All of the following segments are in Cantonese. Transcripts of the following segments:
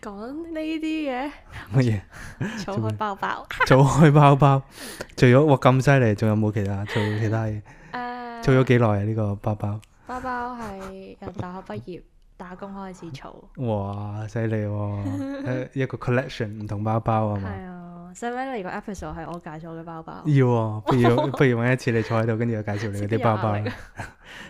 講呢啲嘢乜嘢？儲開包包，儲開包包。儲咗哇，咁犀利，仲有冇其他儲其他嘢？誒，儲咗幾耐啊？呢個包包包包係由大學畢業打工開始儲。哇，犀利！一個 collection 唔同包包啊嘛。係啊，使咩嚟！個 episode 係我介紹嘅包包。要啊，不如不如搵一次你坐喺度，跟住我介紹你啲包包。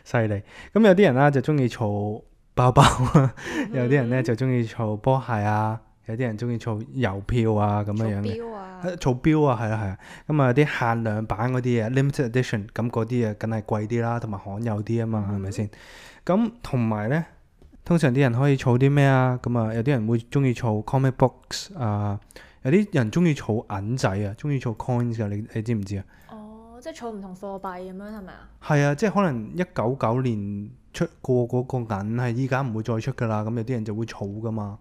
犀利！咁有啲人啦，就中意儲。包包啊， 有啲人咧就中意儲波鞋啊，有啲人中意儲郵票啊，咁嘅樣嘅啊，儲標啊，係啊係啊，咁啊啲、啊嗯、限量版嗰啲啊 limited edition，咁嗰啲啊，梗係貴啲啦，同埋罕有啲啊嘛，係咪先？咁同埋咧，通常啲人可以儲啲咩啊？咁、嗯、啊，有啲人會中意儲 comic books 啊，有啲人中意儲銀仔啊，中意儲 coins 啊，你你知唔知啊？哦，即係儲唔同貨幣咁樣係咪啊？係啊，即係可能一九九年。出過嗰個銀係依家唔會再出噶啦，咁有啲人就會儲噶嘛，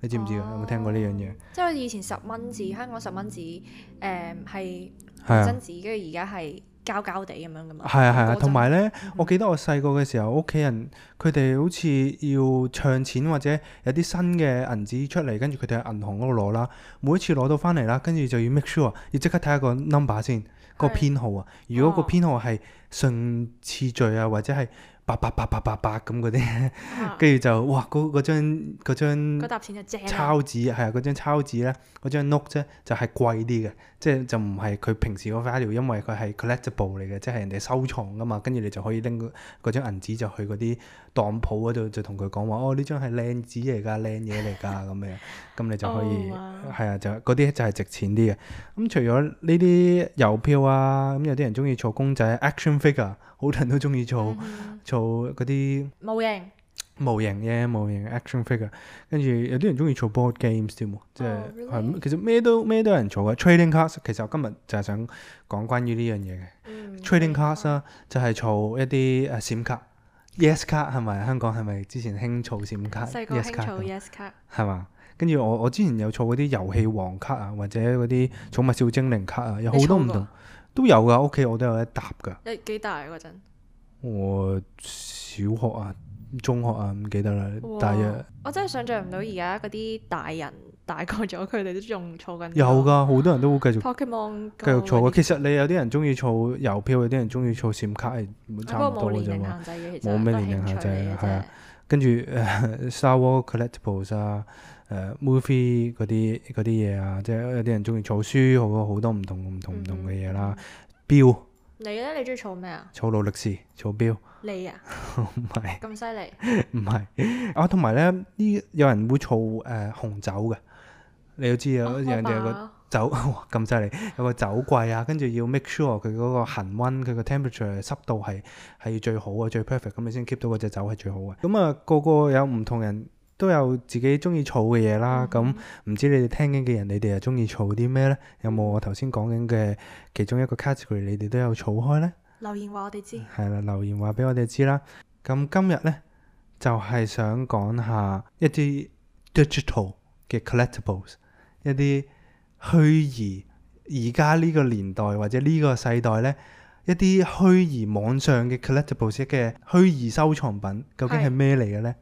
你知唔知啊？有冇聽過呢樣嘢？即係以前十蚊紙，香港十蚊紙，誒係真紙，跟住而家係膠膠地咁樣噶嘛。係啊係啊，同埋呢，嗯、我記得我細個嘅時候，屋企人佢哋好似要唱錢或者有啲新嘅銀紙出嚟，跟住佢哋喺銀行嗰度攞啦。每一次攞到翻嚟啦，跟住就要 make sure，、啊、要即刻睇下個 number 先，個編號啊。如果個編號係順次序啊，或者係八八八八八八咁嗰啲，跟住、啊、就哇嗰嗰張嗰張，嗰沓錢就正。鈔紙係啊，嗰張鈔紙咧，嗰張 note 就係貴啲嘅，即係就唔係佢平時嗰 value，因為佢係 collectible 嚟嘅，即、就、係、是、人哋收藏噶嘛，跟住你就可以拎嗰張銀紙就去嗰啲當鋪嗰度，就同佢講話哦，呢張係靚紙嚟㗎，靚嘢嚟㗎咁樣，咁你就可以係啊、哦，就嗰啲就係值錢啲嘅。咁、嗯、除咗呢啲郵票啊，咁、嗯、有啲人中意坐公仔 action figure。好多人都中意做做嗰啲模型，模型嘅模型 action figure。跟住有啲人中意做 board games 添喎，即係其實咩都咩都有人做嘅。Trading cards 其實我今日就係想講關於呢樣嘢嘅。Trading cards 啦，就係做一啲誒閃卡，yes 卡係咪？香港係咪之前興做閃卡？細個興做 yes 卡，係嘛？跟住我我之前有做嗰啲遊戲王卡啊，或者嗰啲寵物小精靈卡啊，有好多唔同。都有噶，屋企我都有一沓噶。有幾大嗰陣？我、哦、小學啊、中學啊唔記得啦。大約我真係想象唔到而家嗰啲大人大、個咗，佢哋都仲儲緊。有噶，好多人都會繼續、啊、Pokemon 繼續儲嘅。其實你有啲人中意儲郵票，有啲人中意儲、啊、閃卡，係差唔多嘅啫嘛。冇咩年齡限制嘅，其實都係、啊啊、興趣嘅。係啊，跟住誒 Star Wars collectibles 啊。的 誒 movie 嗰啲啲嘢啊，即係有啲人中意儲書，好啊好多唔同唔同唔同嘅嘢啦。表你咧，你中意儲咩啊？儲勞力士，儲表。你啊？唔係。咁犀利？唔係啊，同埋咧，啲有人會儲誒紅酒嘅。你要知啊，好似人哋有個酒咁犀利，有個酒櫃啊，跟住要 make sure 佢嗰個恆溫，佢個 temperature 濕度係係最好啊，最 perfect 咁你先 keep 到嗰隻酒係最好嘅。咁啊個個有唔同人。都有自己中意儲嘅嘢啦，咁唔、嗯嗯嗯、知你哋聽緊嘅人，你哋又中意儲啲咩呢？有冇我頭先講緊嘅其中一個 category，你哋都有儲開呢？留言話我哋知。係啦，留言話俾我哋知啦。咁今日呢，就係、是、想講下一啲 digital 嘅 collectibles，一啲虛擬而家呢個年代或者呢個世代呢，一啲虛擬網上嘅 collectibles 嘅虛擬收藏品，究竟係咩嚟嘅呢？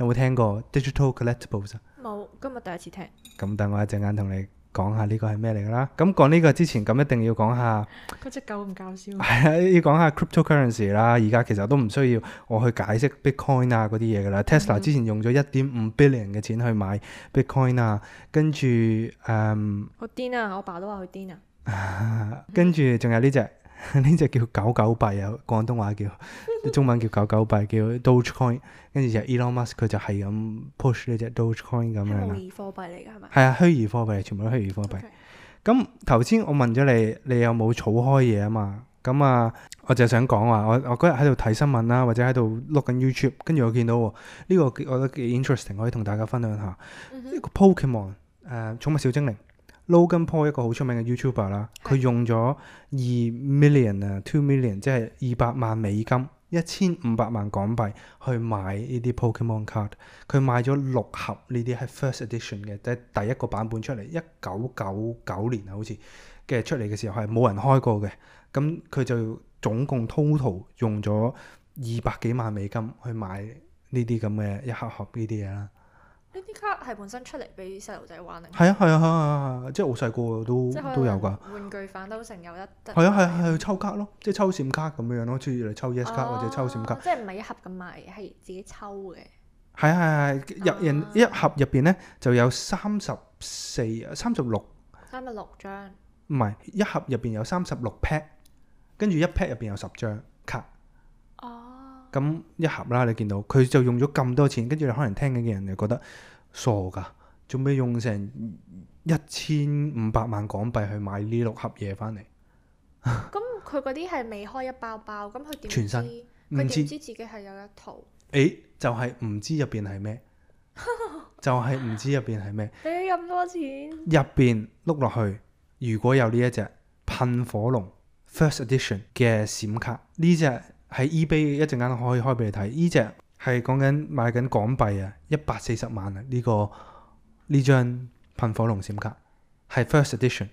有冇聽過 Digital Collectibles 啊？冇，今日第一次聽。咁等我一陣間同你講下呢個係咩嚟㗎啦。咁講呢個之前，咁一定要講下。嗰隻狗唔搞笑。係啊，要講下 Cryptocurrency 啦。而家其實都唔需要我去解釋 Bitcoin 啊嗰啲嘢㗎啦。嗯、哼 Tesla 之前用咗一點五 billion 嘅錢去買 Bitcoin 啊，跟住誒。好、嗯、癲啊！我爸都話佢癲啊。 跟住仲有呢、這、隻、個。呢隻 叫狗狗幣啊，廣東話叫，中文叫狗狗幣， 叫 DogeCoin，跟住、e、就 Elon Musk 佢就係咁 push 呢隻 DogeCoin 咁樣啦。虛擬貨幣嚟㗎係咪？係啊，虛擬貨幣，全部都虛擬貨幣。咁頭先我問咗你，你有冇儲開嘢啊嘛？咁啊，我就想講話，我我嗰日喺度睇新聞啦、啊，或者喺度 look 緊 YouTube，跟住我見到呢、這個，我覺得幾 interesting，可以同大家分享下呢、mm hmm. 個 Pokemon 誒、呃、寵物小精靈。Logan Paul 一個好出名嘅 YouTuber 啦的，佢用咗二 million 啊，two million 即係二百萬美金，一千五百萬港幣去買呢啲 Pokemon card。佢買咗六盒呢啲係 first edition 嘅，即係第一個版本出嚟，一九九九年啊好似，嘅出嚟嘅時候係冇人開過嘅。咁佢就總共 total 用咗二百幾萬美金去買呢啲咁嘅一盒盒呢啲嘢啦。呢啲卡係本身出嚟俾細路仔玩定？係啊係啊係啊係啊，即係我細個都都有噶。玩具反斗城有一。係啊係啊係，抽卡咯，即係抽閃卡咁樣樣咯，即係要嚟抽 Yes 卡或者抽閃卡。即係唔係一盒咁賣，係自己抽嘅。係係係，入人一盒入邊咧就有三十四、三十六、三十六張。唔係一盒入邊有三十六 pack 跟住一 pack 入邊有十張卡。咁一盒啦，你見到佢就用咗咁多錢，跟住你可能聽緊嘅人就覺得傻噶，做咩用成一千五百萬港幣去買呢六盒嘢翻嚟？咁佢嗰啲係未開一包包，咁佢點身，佢點知自己係有一套？誒、欸，就係、是、唔知入邊係咩， 就係唔知入邊係咩。誒咁 多錢入邊碌落去，如果有呢一隻噴火龍 First Edition 嘅閃卡呢隻？喺 eBay 一陣間可以開俾你睇，呢只係講緊買緊港幣啊，呢個、一百四十萬啊，呢個呢張噴火龍閃卡係 first edition，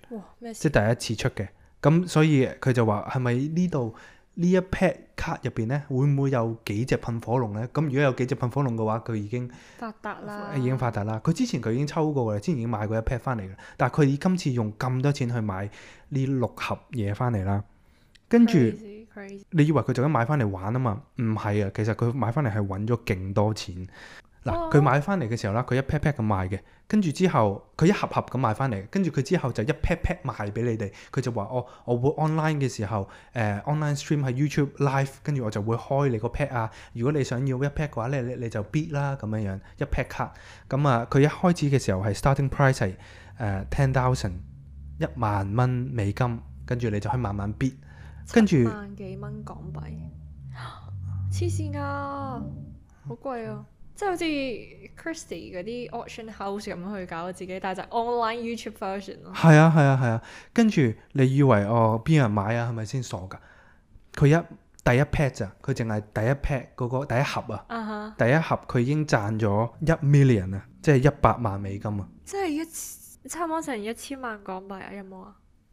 即係第一次出嘅。咁所以佢就話「係咪呢度呢一 pack 卡入邊呢？會唔會有幾隻噴火龍呢？」咁如果有幾隻噴火龍嘅話，佢已經發達啦、哎，已經發達啦。佢之前佢已經抽過嘅，之前已經買過一 pack 翻嚟嘅，但係佢今次用咁多錢去買呢六盒嘢翻嚟啦，跟住。你以為佢就咁買翻嚟玩啊嘛？唔係啊，其實佢買翻嚟係揾咗勁多錢。嗱、oh，佢買翻嚟嘅時候啦，佢一 pack pack 咁賣嘅，跟住之後佢一盒盒咁賣翻嚟，跟住佢之後就一 pack pack 賣俾你哋。佢就話：哦，我會 online 嘅時候，誒、呃、online stream 喺 YouTube live，跟住我就會開你個 pack 啊。如果你想要一 pack 嘅話咧，你你，你就 bid 啦，咁樣樣一 pack 卡。咁、嗯、啊，佢一開始嘅時候係 starting price 係誒 ten thousand，一萬蚊美金，跟住你就可以慢慢 bid。跟住萬幾蚊港幣，黐線啊，好貴啊！即係好似 Christie 嗰啲 auction house 咁去搞自己，但係就 online YouTube version 咯。係啊係啊係啊，跟住、啊啊、你以為哦邊、呃、人買啊？係咪先傻噶？佢一第一 pack 咋？佢淨係第一 pack 嗰個第一盒啊！Uh huh. 第一盒佢已經賺咗一 million 啊，即係一百萬美金啊！即係一差唔多成一千萬港幣啊？有冇啊？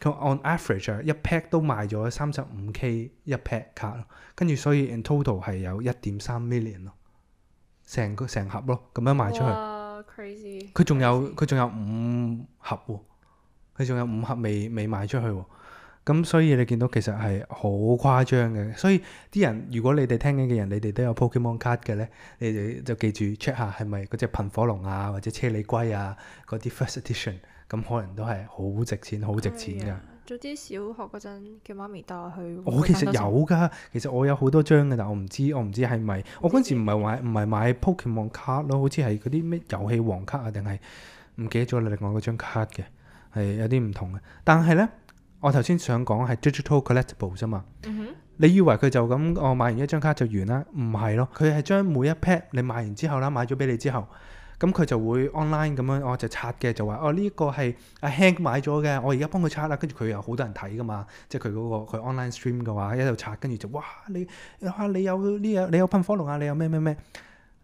佢 on average 一 pack 都賣咗三十五 K 一 pack 卡，跟住所以 in total 係有一點三 million 咯，成個成盒咯咁樣賣出去。佢仲、wow, crazy ,有佢仲有五盒喎，佢仲有五盒未未賣出去喎。咁所以你見到其實係好誇張嘅。所以啲人如果你哋聽緊嘅人，你哋都有 Pokemon card 嘅咧，你哋就記住 check 下係咪嗰隻噴火龍啊，或者車厘龜啊嗰啲 first edition。咁可能都係好值錢，好值錢噶、哎。早知小學嗰陣，叫媽咪帶我去。我其實有噶，其實我有好多張嘅，但我唔知，我唔知係咪。我嗰陣時唔係買，唔係買 Pokemon 卡咯，好似係嗰啲咩遊戲王卡啊，定係唔記得咗另外嗰張卡嘅，係有啲唔同嘅。但係呢，我頭先想講係 Digital Collectible 啫嘛。嗯、哼。你以為佢就咁，我買完一張卡就完啦？唔係咯，佢係將每一 pad 你買完之後啦，買咗俾你之後。咁佢就會 online 咁樣哦，就刷嘅就話哦，呢一個係阿 Hank 買咗嘅，我而家幫佢刷啦。跟住佢有好多人睇噶嘛，即係佢嗰個佢 online stream 嘅話，一度刷跟住就哇你嚇你有呢嘢，你有噴火龍啊，你有咩咩咩？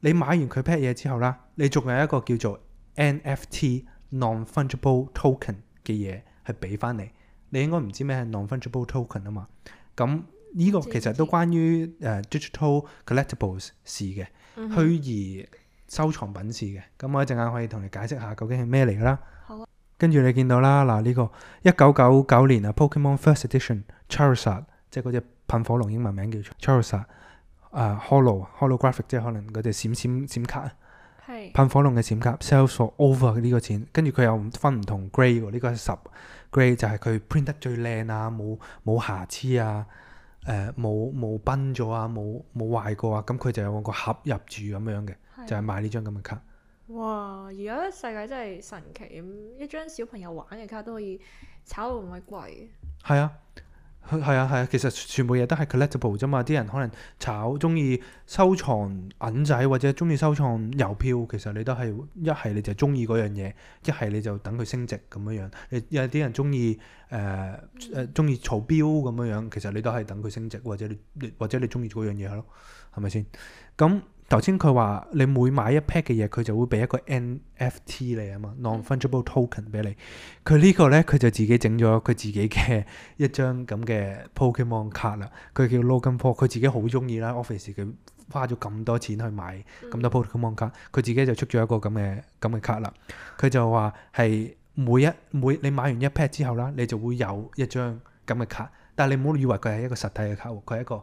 你買完佢 pat 嘢之後啦，你仲有一個叫做 NFT non-fungible token 嘅嘢係俾翻你。你應該唔知咩係 non-fungible token 啊嘛？咁呢個其實都關於誒、嗯哼啊、digital collectibles 事嘅虛擬收藏品市嘅，咁我一陣間可以同你解釋下究竟係咩嚟啦。好，跟住你見到啦，嗱呢個一九九九年啊，Pokemon First Edition Charizard 即係嗰隻噴火龍，英文名叫 Charizard 啊、uh, Holo，Holographic，l 即係可能嗰啲閃閃閃卡啊，係是噴火龍嘅閃卡，Sells for over 呢個錢，跟住佢又分唔同 grade 喎，呢個係十 grade，就係佢 print 得最靚啊，冇冇瑕疵啊，誒冇冇崩咗啊，冇冇壞過啊，咁、嗯、佢就有個盒入住咁樣嘅。就係買呢張咁嘅卡。哇！而家世界真係神奇，一張小朋友玩嘅卡都可以炒到咁鬼貴嘅。係啊，係啊，係啊，啊。其實全部嘢都係 collectible 啫嘛。啲人可能炒，中意收藏銀仔，或者中意收藏郵票。其實你都係，一係你就中意嗰樣嘢，一係你就等佢升值咁樣樣。有啲人中意誒誒中意藏錶咁樣樣，其實你都係等佢升值，或者你，你或者你中意嗰樣嘢咯，係咪先？咁頭先佢話你每買一 pack 嘅嘢，佢就會俾一個 NFT 你啊嘛，non-fungible token 俾你。佢呢個咧，佢就自己整咗佢自己嘅一張咁嘅 Pokemon card 啦。佢叫 Logan Paul，佢自己好中意啦，office 佢花咗咁多錢去買咁多 Pokemon card。佢自己就出咗一個咁嘅咁嘅卡啦。佢就話係每一每你買完一 pack 之後啦，你就會有一張咁嘅卡，但係你唔好以為佢係一個實體嘅卡喎，佢係一個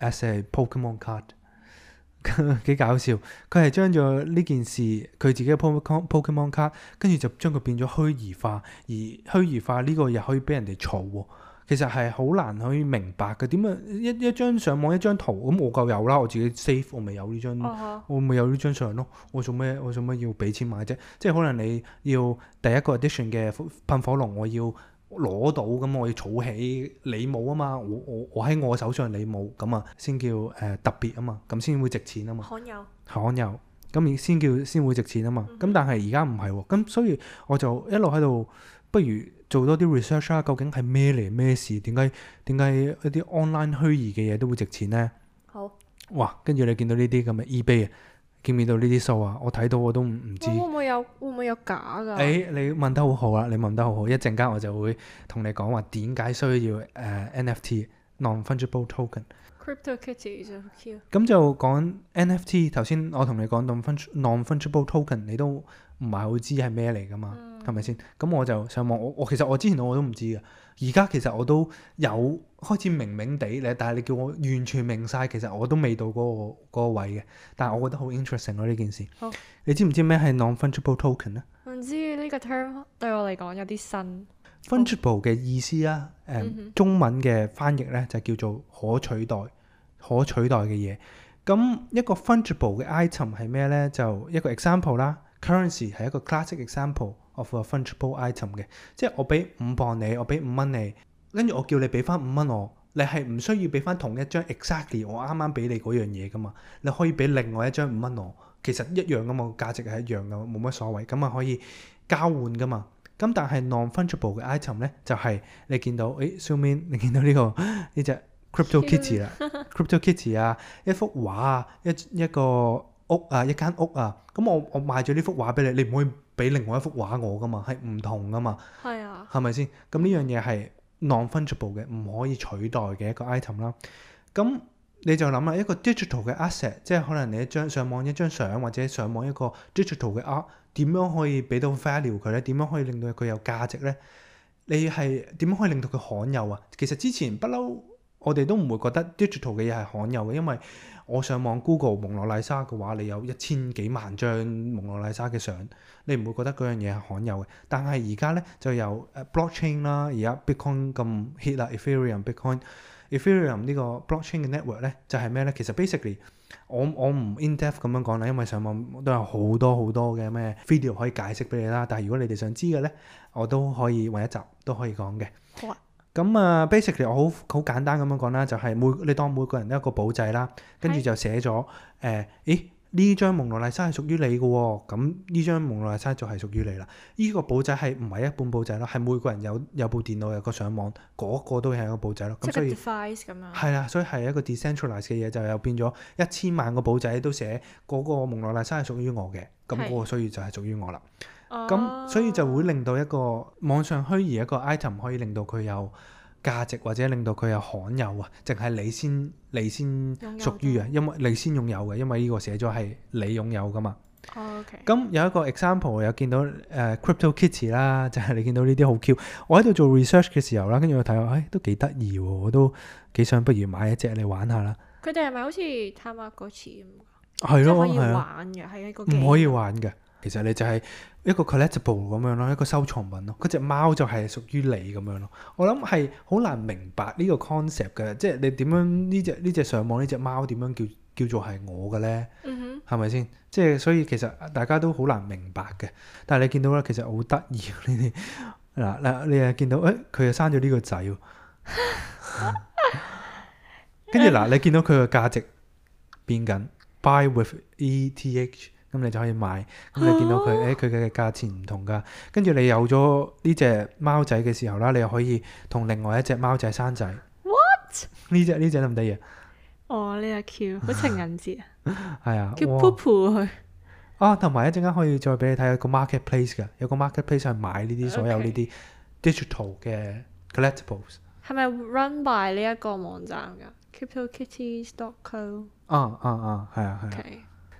誒，係 Pokemon card， 幾搞笑？佢係將咗呢件事，佢自己嘅 Pokemon Pokemon card，跟住就將佢變咗虛擬化，而虛擬化呢個嘢可以俾人哋炒喎。其實係好難可以明白嘅。點樣？一一張上網一張圖咁我夠有啦，我自己 save 我咪有呢張，我咪有呢張相咯。我做咩？我做咩要俾錢買啫？即係可能你要第一個 Edition 嘅噴火龍，我要。攞到，咁我要儲起，你冇啊嘛，我我我喺我手上你冇，咁啊先叫誒特別啊嘛，咁先會值錢啊嘛。罕有罕有，咁先叫先會值錢啊嘛。咁、嗯哼但係而家唔係喎，咁所以我就一路喺度，不如做多啲 research 啊，究竟係咩嚟咩事？點解點解一啲 online 虛擬嘅嘢都會值錢呢？好哇，跟住你見到呢啲咁嘅 e 幣啊！見唔見到呢啲數啊，我睇到我都唔唔知會會。會唔會有會唔會有假㗎？誒、哎，你問得好好啊，你問得好好，一陣間我就會同你講話點解需要誒 NFT non fungible token。Crypto Kitty、okay。就 OK。咁就講 NFT，頭先我同你講 non fungible token，你都唔係好知係咩嚟㗎嘛？係咪先？咁我就上網，我我其實我之前我都唔知㗎。而家其實我都有開始明明地咧，但係你叫我完全明晒，其實我都未到嗰、那個位嘅。但係我覺得好 interesting 咯、啊、呢件事。好你知唔知咩係 non-fungible token 咧？唔知呢、這個 term 對我嚟講有啲新。fungible 嘅意思啦、啊，誒、oh 嗯、中文嘅翻譯咧就叫做可取代、可取代嘅嘢。咁一個 fungible 嘅 item 係咩咧？就一個 example 啦。Currency 係一個 classic example of a fungible item 嘅，即係我俾五磅你，我俾五蚊你，跟住我叫你俾翻五蚊我，你係唔需要俾翻同一張 exactly 我啱啱俾你嗰樣嘢噶嘛，你可以俾另外一張五蚊我，其實一樣噶嘛，價值係一樣噶，冇乜所謂，咁啊可以交換噶嘛。咁但係 non-fungible 嘅 item 咧，就係、是、你見到，誒，So 誒上面你見到呢、這個呢 隻 crypto kitty 啦 ，crypto kitty 啊，一幅畫啊，一一個。屋啊，一間屋啊，咁、嗯、我我賣咗呢幅畫俾你，你唔可以俾另外一幅畫我噶嘛，係唔同噶嘛，係啊，係咪先？咁呢樣嘢係 non-fungible 嘅，唔可以取代嘅一個 item 啦。咁、嗯、你就諗下，一個 digital 嘅 asset，即係可能你一張上網一張相，或者上網一個 digital 嘅 art，點樣可以俾到 value 佢咧？點樣可以令到佢有價值咧？你係點樣可以令到佢罕有啊？其實之前不嬲。我哋都唔會覺得 digital 嘅嘢係罕有嘅，因為我上網 Google 蒙娜麗莎嘅話，你有一千幾萬張蒙娜麗莎嘅相，你唔會覺得嗰樣嘢係罕有嘅。但係而家咧就有 blockchain 啦，而家 Bitcoin 咁 hit 啦，Ethereum、Bitcoin、Ethereum, Bitcoin, Ethereum 呢個 blockchain 嘅 network 咧就係咩咧？其實 basically 我我唔 in depth 咁樣講啦，因為上網都有好多好多嘅咩 video 可以解釋俾你啦。但係如果你哋想知嘅咧，我都可以搵一集都可以講嘅。好啊。咁啊，basically 我好好簡單咁樣講啦，就係、是、每你當每個人都一個簿仔啦，跟住就寫咗誒，咦呢張蒙娜麗莎係屬於你嘅喎、哦，咁呢張蒙娜麗莎就係屬於你啦。呢、這個簿仔係唔係一本簿仔咯？係每個人有有部電腦有個上網，嗰個，個都係一個簿仔咯。咁是所以係啦以，所以係一個 decentralised 嘅嘢就又變咗一千萬個簿仔都寫嗰個，個蒙娜麗莎係屬於我嘅，咁個需要就係屬於我啦。的咁、哦、所以就會令到一個網上虛擬一個 item 可以令到佢有價值，或者令到佢有罕有啊，淨係你先，你先屬於啊，因為你先擁有嘅，因為呢個寫咗係你擁有㗎嘛。O K、哦。咁、okay、有一個 example 有見到誒 CryptoKitties 啦，uh, Kitty, 就係你見到呢啲好 Q。我喺度做 research 嘅時候啦，跟住我睇，誒、哎、都幾得意喎，我都幾想不如買一隻嚟玩下啦。佢哋係咪好似貪玩嗰次咁？係咯的，係啊的，唔的可以玩嘅。其實你就係一個 collectible 咁樣咯，一個收藏品咯。嗰隻貓就係屬於你咁樣咯。我諗係好難明白呢個 concept 嘅，即係你點樣呢隻呢隻上網呢隻貓點樣叫叫做係我嘅呢？嗯哼，係咪先？即係所以其實大家都好難明白嘅。但係你見到咧，其實好得意呢啲嗱嗱，你又見到誒，佢、欸、又生咗呢個仔、哦。跟住嗱，你見到佢嘅價值變緊，buy with ETH。咁、嗯、你就可以買，咁、嗯、你見到佢，誒佢嘅價錢唔同噶。跟住你有咗呢隻貓仔嘅時候啦，你又可以同另外一隻貓仔生仔。What？呢隻呢隻得唔得意啊？哦，呢個 Q，好情人節啊！係啊，叫 Poopoo 佢。啊，同埋一陣間可以再俾你睇一個 marketplace 噶，有個 marketplace 係買呢啲所有呢啲 digital 嘅 collectibles。係咪 run by 呢一個網站噶？CryptoKitties.co。啊啊啊，係啊係。嗯嗯嗯嗯嗯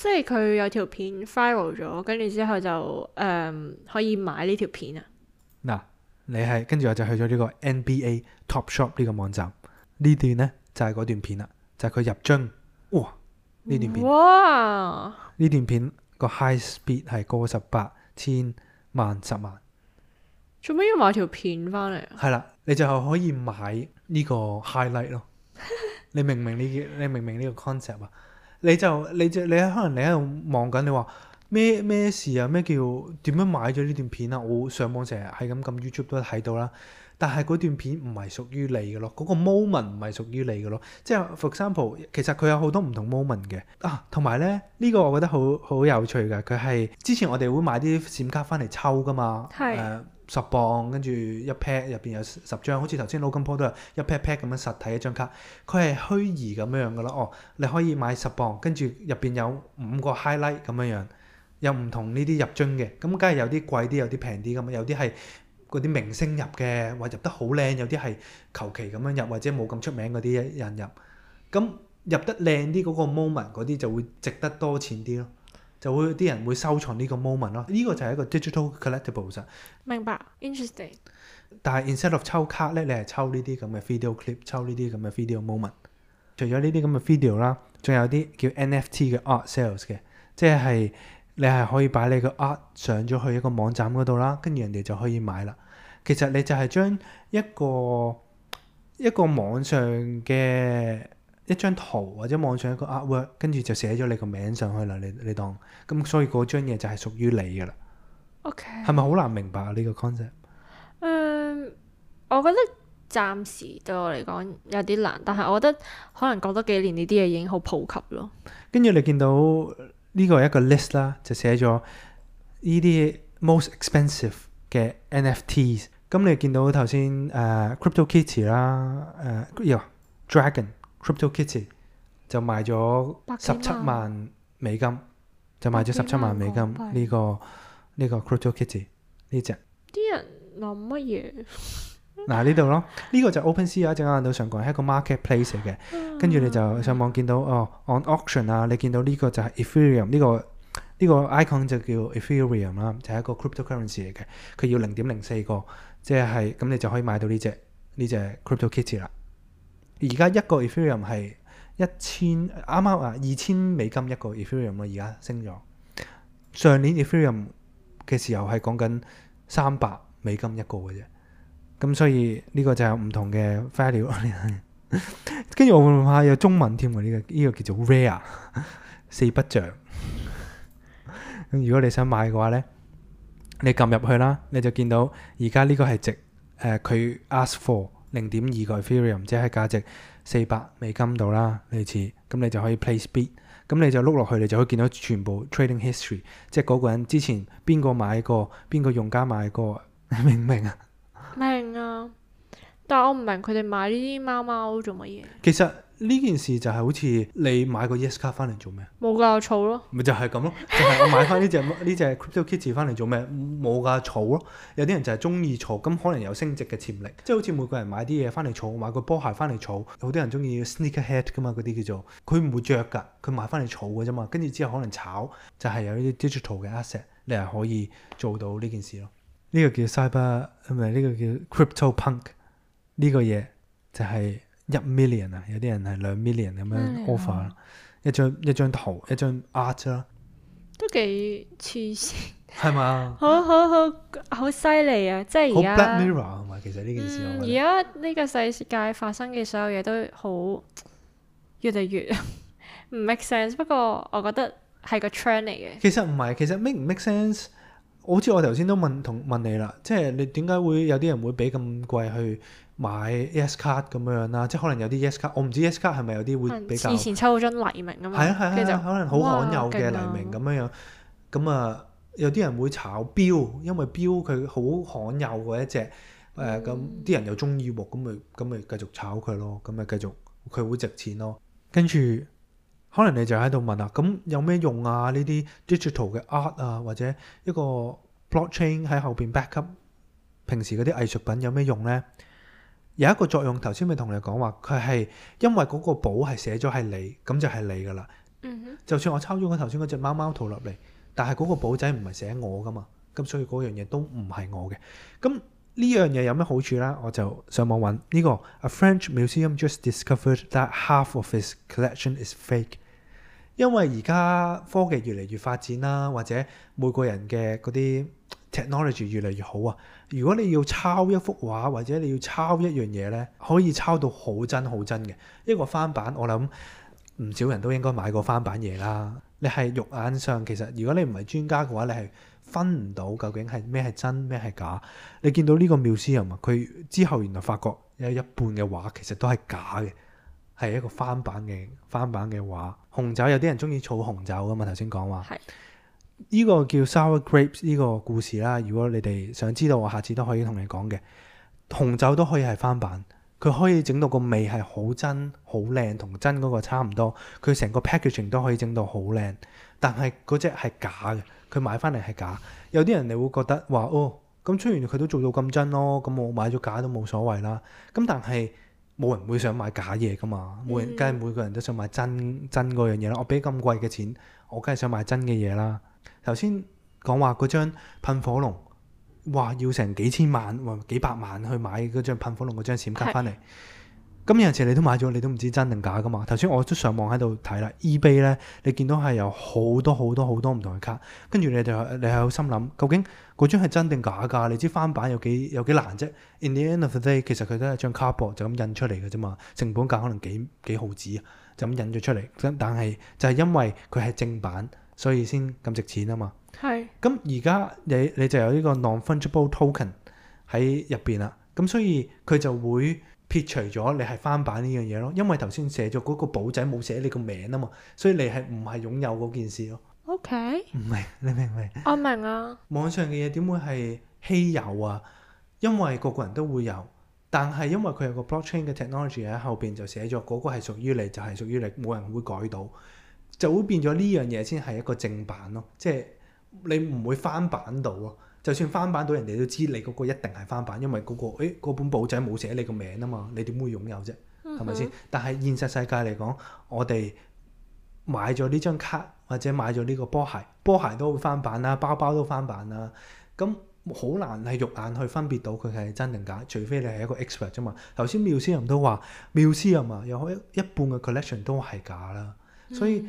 即係佢有條片 viral 咗，跟住之後就誒、嗯、可以買呢條片啊！嗱，你係跟住我就去咗呢個 NBA Top Shop 呢個網站，呢段呢，就係、是、嗰段片啦，就係、是、佢入樽哇！呢段片哇！呢段片個 high speed 係過十八千萬十萬，做咩要買條片翻嚟？係啦，你就可以買呢個 highlight 咯。你明唔明呢？你明唔明呢個 concept 啊？你就你就你可能你喺度望緊，你話咩咩事啊？咩叫點樣買咗呢段片啊？我上網成日係咁撳 YouTube 都睇到啦，但係嗰段片唔係屬於你嘅咯，嗰個 moment 唔係屬於你嘅咯。即係，for example，其實佢有好多唔同 moment 嘅啊，同埋咧呢個我覺得好好有趣嘅，佢係之前我哋會買啲閃卡翻嚟抽噶嘛。係。呃十磅，跟住一 pack 入邊有十張，好似頭先 Logan Paul 都有一 pack pack 咁樣，實體一張卡，佢係虛擬咁樣嘅咯。哦，你可以買十磅，跟住入邊有五個 highlight 咁樣樣，有唔同呢啲入樽嘅，咁梗係有啲貴啲，有啲平啲咁。有啲係嗰啲明星入嘅，話入得好靚，有啲係求其咁樣入，或者冇咁出名嗰啲人入。咁、嗯、入得靚啲嗰個 moment 嗰啲就會值得多錢啲咯。就會有啲人會收藏呢個 moment 咯，呢個就係一個 digital collectibles 啊。明白，interesting。但係 instead of 抽卡咧，你係抽呢啲咁嘅 video clip，抽呢啲咁嘅 video moment。除咗呢啲咁嘅 video 啦，仲有啲叫 NFT 嘅 art sales 嘅，即係你係可以擺你個 art 上咗去一個網站嗰度啦，跟住人哋就可以買啦。其實你就係將一個一個網上嘅。一張圖或者網上一個 artwork，跟住就寫咗你個名上去啦。你你當咁，所以嗰張嘢就係屬於你嘅啦。OK，係咪好難明白啊呢個 concept？嗯，我覺得暫時對我嚟講有啲難，但係我覺得可能過多幾年呢啲嘢已經好普及咯。跟住你見到呢個係一個 list 啦，就寫咗呢啲 most expensive 嘅 NFTs。咁你見到頭先誒 Crypto Kitty 啦，誒有 Dragon。Crypto Kitty 就賣咗十七萬美金，就賣咗十七萬美金呢、呢個呢、呢個 Crypto Kitty 呢、呢、隻、個。啲人諗乜嘢？嗱呢度咯，呢、呢個就 OpenSea，一陣間都上過，係一個 marketplace 嚟嘅。跟住、嗯、你就上網見到哦，on auction 啊，你見到呢個就係 Ethereum，呢、呢個呢、呢個 icon 就叫 Ethereum 啦，就係一個 cryptocurrency 嚟嘅。佢要零點零四個，即係咁你就可以買到呢、呢、隻、個、呢隻、呢個、Crypto Kitty 啦。而家一個 Ethereum 係一千啱啱啊，二千美金一個 Ethereum 啊，而家升咗。上年 Ethereum 嘅時候係講緊三百美金一個嘅啫。咁所以呢個就有唔同嘅 value。跟住 我會怕有中文添喎呢個呢、這個叫做 rare 四不像。 如果你想買嘅話咧，你撳入去啦，你就見到而家呢個係值誒佢、呃、ask for。零點二個 Ethereum，即係價值四百美金度啦，類似咁你就可以 place bid，咁你就碌落去，你就可以見到全部 trading history，即係嗰個人之前邊個買過，邊個用家買過，明唔明啊？明啊！但係我唔明佢哋買呢啲貓貓做乜嘢？其實。呢件事就係好似你買個 Yes 卡翻嚟做咩？冇噶，我儲咯。咪就係咁咯，就係、是、我買翻呢隻呢 隻 Crypto Kitty 翻嚟做咩？冇噶，儲咯。有啲人就係中意儲，咁可能有升值嘅潛力。即係好似每個人買啲嘢翻嚟儲，買個波鞋翻嚟儲，有啲人中意 Sneakerhead 噶嘛，嗰啲叫做。佢唔會着噶，佢買翻嚟儲嘅啫嘛。跟住之後可能炒就係、是、有呢啲 digital 嘅 asset，你係可以做到呢件事咯。呢個叫 Cyber 係咪？呢、這個叫 Crypto Punk，呢個嘢就係、是。一 million 啊、er，嗯，有啲人係兩 million 咁樣 offer，一張一張圖一張 art 啦，都幾黐線係嘛，好好好好犀利啊！即係而家好 black mirror 啊，嘛，其實呢件事，而家呢個世界發生嘅所有嘢都好越嚟越唔 make sense。不過我覺得係個 trend 嚟嘅。其實唔係，其實 make 唔 make sense？好似我頭先都問同問你啦，即係你點解會有啲人會俾咁貴去？買 Yes 卡咁樣樣啦，即係可能有啲 Yes 卡，我唔知 Yes 卡係咪有啲會比較以前抽咗黎明咁樣？係啊係啊，跟住中可能好罕有嘅黎明咁樣哇樣。咁啊，有啲人會炒標，因為標佢好罕有嗰一隻誒。咁、呃、啲人又中意喎，咁咪咁咪繼續炒佢咯。咁咪繼續佢會值錢咯。跟住可能你就喺度問啊：「咁有咩用啊？呢啲 digital 嘅 art 啊，或者一個 blockchain 喺後邊 backup 平時嗰啲藝術品有咩用咧？」有一個作用，頭先咪同你講話，佢係因為嗰個簿係寫咗係你，咁就係你噶啦。嗯哼，就算我抄咗我頭先嗰隻貓貓圖落嚟，但係嗰個簿仔唔係寫我噶嘛，咁所以嗰樣嘢都唔係我嘅。咁呢樣嘢有咩好處咧？我就上網揾呢、呢個。A French museum just discovered that half of its collection is fake。因為而家科技越嚟越發展啦，或者每個人嘅嗰啲 technology 越嚟越好啊。如果你要抄一幅畫或者你要抄一樣嘢呢可以抄到好真好真嘅一個翻版。我諗唔少人都應該買過翻版嘢啦。你係肉眼上其實，如果你唔係專家嘅話，你係分唔到究竟係咩係真咩係假。你見到呢個 museum，佢之後原來發覺有一半嘅畫其實都係假嘅，係一個翻版嘅翻版嘅畫。紅酒有啲人中意儲紅酒㗎嘛，頭先講話。係。呢個叫 Sour Grapes 呢個故事啦。如果你哋想知道，我下次可可可都可以同你講嘅，紅酒都可以係翻版。佢可以整到個味係好真好靚，同真嗰個差唔多。佢成個 packaging 都可以整到好靚，但係嗰隻係假嘅。佢買翻嚟係假。有啲人你會覺得話哦，咁雖然佢都做到咁真咯，咁、嗯、我買咗假都冇所謂啦。咁但係冇人會想買假嘢噶嘛。每人梗係每個人都想買真真嗰樣嘢啦。我俾咁貴嘅錢，我梗係想買真嘅嘢啦。頭先講話嗰張噴火龍，話要成幾千萬或幾百萬去買嗰張噴火龍嗰張閃卡翻嚟。咁是有陣時你都買咗，你都唔知真定假噶嘛？頭先我都上網喺度睇啦，eBay 咧，你見到係有好多好多好多唔同嘅卡，跟住你就你係好心諗，究竟嗰張係真定假噶？你知翻版有幾有幾，有幾難啫？In the end of the day，其實佢都係一張卡噃，就咁印出嚟嘅啫嘛，成本價可能幾幾毫子啊，就咁印咗出嚟。但係就係因為佢係正版。所以先咁值錢啊嘛，係。咁而家你你就有呢個 non-fungible token 喺入邊啦，咁所以佢就會撇除咗你係翻版呢樣嘢咯。因為頭先寫咗嗰個簿仔冇寫你個名啊嘛，所以你係唔係擁有嗰件事咯？OK，唔係你明唔明？我明啊。網上嘅嘢點會係稀有啊？因為個個人都會有，但係因為佢有個 blockchain 嘅 technology 喺後邊，就寫咗嗰個係屬於你，就係屬於你，冇人會改到。就會變咗呢樣嘢先係一個正版咯，即係你唔會翻版到咯。就算翻版到，人哋都知你嗰個一定係翻版，因為嗰個、哎、嗰本簿仔冇寫你個名啊嘛。你點會擁有啫？係咪先？但係現實世界嚟講，我哋買咗呢張卡或者買咗呢個波鞋，波鞋都會翻版啦，包包都翻版啦。咁好難係肉眼去分別到佢係真定假，除非你係一個 expert 啫嘛。頭先 museum 都話，museum 啊嘛，有一一半嘅 collection 都係假啦。所以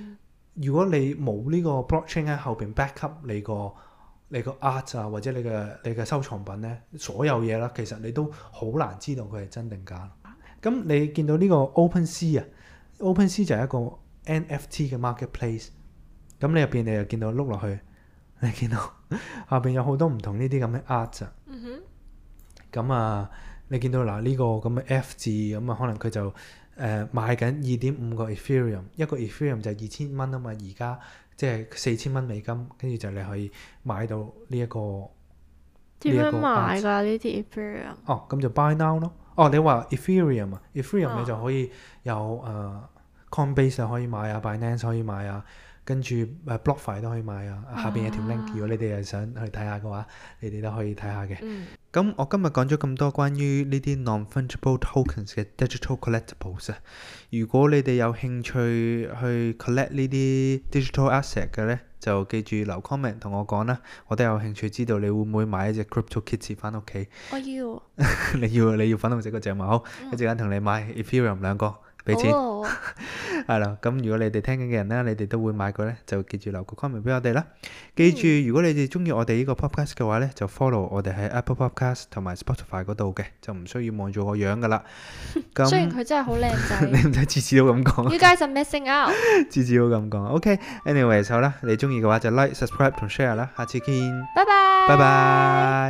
如果你冇呢個 blockchain 喺後邊 back up 你個你個 art 啊，或者你嘅你嘅收藏品咧，所有嘢啦，其實你都好難知道佢係真定假。咁你見到呢個 OpenSea 啊，OpenSea 就係一個 NFT 嘅 marketplace。咁你入邊你又見到碌落去，你見到 下邊有好多唔同呢啲咁嘅 art 啊。嗯哼。咁啊，你見到嗱呢個咁嘅 F 字，咁啊可能佢就～誒買緊二點五個 Ethereum，一個 Ethereum 就二千蚊啊嘛，而家即係四千蚊美金，跟住就你可以買到呢、呢、一個。點樣買㗎？呢啲 Ethereum？哦，咁就 buy now 咯。哦，你話、e um, Ethereum 啊，Ethereum 你就可以有誒、呃、Coinbase 可以買啊，Binance 可以買啊。跟住誒 Blockfi 都可以買啊，下邊有條 link，如果你哋又想去睇下嘅話，你哋都可以睇下嘅。咁我今日講咗咁多關於呢啲 non-fungible tokens 嘅 digital collectibles 啊，如果你哋有興趣去 collect 呢啲 digital asset 嘅呢，就記住留 comment 同我講啦，我都有興趣知道你會唔會買一隻 Cryptokitties 翻屋企。我要。你要你要粉紅色嗰隻嘛？好，一陣間同你買 ethereum 兩個。俾錢係啦，咁如果你哋聽緊嘅人咧，你哋都會買過咧，就記住留個 comment 俾我哋啦。記住，如果你哋中意我哋呢個 podcast 嘅話咧，就 follow 我哋喺 Apple Podcast 同埋 Spotify 嗰度嘅，就唔需要望住我樣噶啦。咁雖然佢真係好靚仔，你唔使次次都咁講。You guys are missing out。次次都咁講。OK，anyways 好啦，你中意嘅話就 like、subscribe 同 share 啦，下次見。拜拜，拜拜。